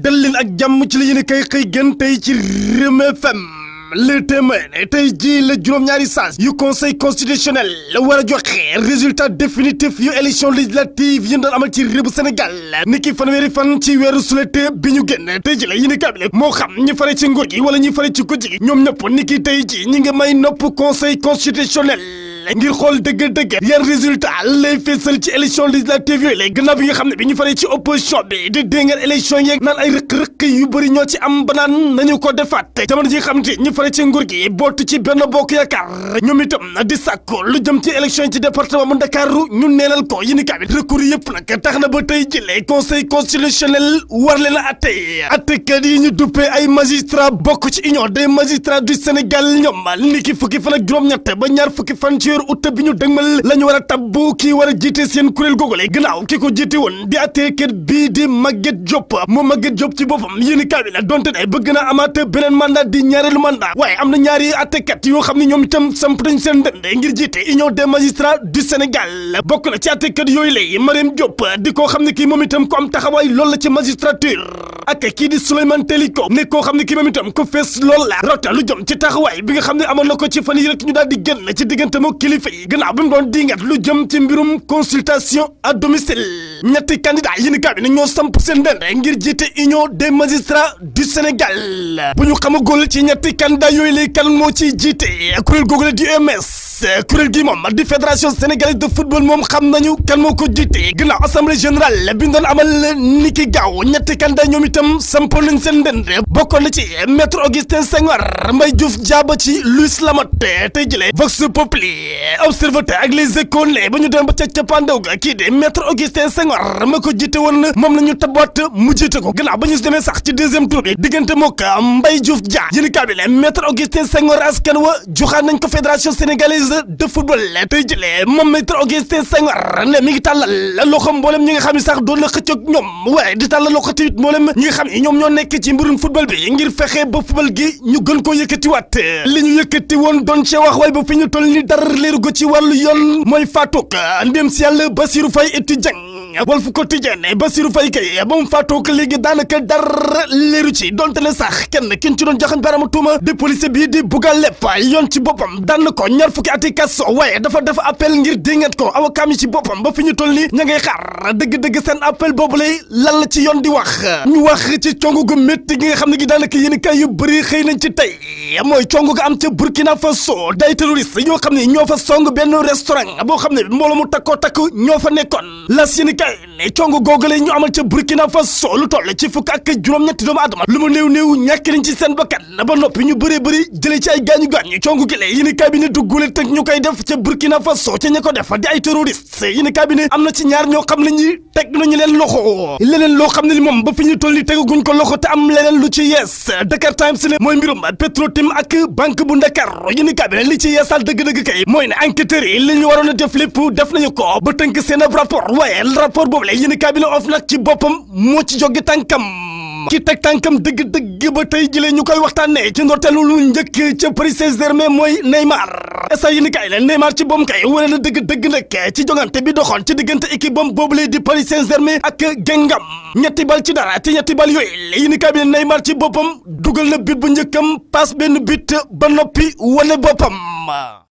dal leen ak jàmm ci la yéen kay xëy gën tey ci Rewmi FM Le Témoin tey jii la juróom-ñaari saas yu conseil constitutionnel la war a joxe résultat définitif yu élection législative yi doon amal ci réew bu Sénégal ni ki fanweeri fan ci weeru sulet bi ñu génn tey ji la yéen kaabile moo xam ñi fare ci nguur gi wala ñi fare ci ko jigi ñoom ñëpp ni ki tey ji ñi ngi may nopp conseil constitutionnel ngir xool dëgg-dëgg yan résultat lay fésal ci élection législative yooyu léegi gannaaw bi xam ne bi ñu faree ci opposition bi di déngal élection yeeg naan ay rëq-rëq yu bëri ñoo ci am ba nañu ko defaat jamono ji nga xam ne ñu faree ci nguur gi bootu ci benn bokk yaakaar ñoom itam di sàkko lu jëm ci élection yi ci département bu Ndakaaru ñu neenal ko yi ni kaay bi recours nag tax na ba tey jëlee conseil constitutionnel war leen a attey attekat yi ci union des magistrats du ba ñaar fukki fan ci weeru ut bi ñu dëgmal la ñu war a tab kii war a jiite seen kuréel googale gannaaw ki ko jiite woon di atteekat bii di Maguette Diop moom Maguette Diop ci boppam yéen i kaabi la donte ne bëgg naa amaat beneen mandat di ñaareelu mandat waaye am na ñaari atteekat yoo xam ne ñoom itam samp nañ seen ndënd ngir jiite Union des magistrats du Sénégal bokk na ci atteekat yooyu lay Mariam Diop di koo xam ne kii moom itam ko am taxawaay loolu la ci magistrature ak kii di Souleymane Teliko ne koo xam ne kii moom ko fees loolu la rota lu jëm ci taxawaay bi nga xam ne amoon na ko ñu daal di génn ci diggante moo kilifa yi gannaaw a mu doon dingat lu jëm ci mbirum consultation à domicile ñetti candidat yi ni kabi na ñoo samp seen dend ngir jiite union des magistrats du Sénégal bu ñu xamagul ci ñetti candidat yooyu lay kan moo ci jiite kuréel googu di UMS e Thiès kuréel gi moom di fédération sénégalaise de football moom xam nañu kenn moo ko jiite gannaaw assemblée générale bi ñu doon amal ni ki gaaw ñetti kandidat ñoom itam sampoon nañ seen ndënd bokkoon na ci maître Augustin Senghor Mbaye Diouf Diaba ci Louis Lamotte tey jëlee Vox Populi observateur ak les échos ne ba ñu dem ba ca cappaandaw ga kii de maître Augustin Senghor ma ko jiite woon moom la ñu tabaat mu jiite ko gannaaw ba ñu demee sax ci deuxième tour bi diggante mook Mbaye Diouf Dia yéen i kaabile maître Augustin Senghor askan wa nañ ko fédération sénégalaise cause de football tey jëlee moom Maître Augustin Senghor ne mi ngi tàllal la loxo mboolem ñi nga xam ne sax doon na xëccoog ñoom waaye di tàllal loxo tamit mboolem ñi nga xam ne ñoom ñoo nekk ci mbirum football bi ngir fexe ba football gi ñu gën koo yëkkatiwaat li ñu yëkkati woon doon cee wax waaye ba fi ñu toll ni dara leeru ko ci wàllu yoon mooy faatuug ndem si yàlla Basirou Faye étudiant Walf Quotidien Bassirou Faye kay ba mu faatoo ko léegi daanaka dara leeru ci donte ne sax kenn kin ci doon joxañ baaraamu tuuma di policier bii di Bougal Lepp yoon ci boppam daan na ko ñaar fukki ati kaso waaye dafa dafa appel ngir déngat ko avocat mi ci boppam ba fi ñu toll nii ña ngay dëgg-dëgg seen appel boobu lay lan ci yoon di wax ñu wax ci congu gu métti gi nga xam ne gi daanaka yéen kay yu bëri xëy nañ ci tey mooy congu ga am ca Burkina Faso day ne ñoo fa song benn restaurant boo xam ne mbooloo mu takkoo takk ñoo fa nekkoon las tey congo googale ñu amal ca Burkina Faso lu toll ci fukk ak juróom-ñetti doomu adama lu mu néew néew ñàkk ci seen bakkan ba noppi ñu bëree bëri jëlee ci ay gaañu gaañu congo gi lee yéen cabinet duggule tënk ñu koy def ca Burkina Faso ca ña ko di ay terroriste yéen cabinet am na ci ñaar ñoo xam ne ñi teg nañu leen loxo moom ba fi ñu toll ni tegaguñ ko loxo te am leneen lu ci yees Dakar Times ne mooy mbirum Petrotim ak banque bu rapport boobu la yéen kaay bi la OFNAC ci boppam moo ci joggi tànkam ki teg tànkam dëgg-dëgg ba tey jile ñu koy waxtaanee ci ndorteelu lu njëkk ca Paris Saint-Germain mooy Neymar sa yéen kaay la Neymar ci boom kay wane la dëgg-dëgg nag ci jongante bi doxoon ci diggante équipe bam boobu lay di Paris Saint-Germain ak Guingamp ñetti bal ci dara te ñetti bal yooyu yéen kaay bi ne Neymar ci boppam dugal na bit bu njëkkam passe benn bit ba noppi wane boppam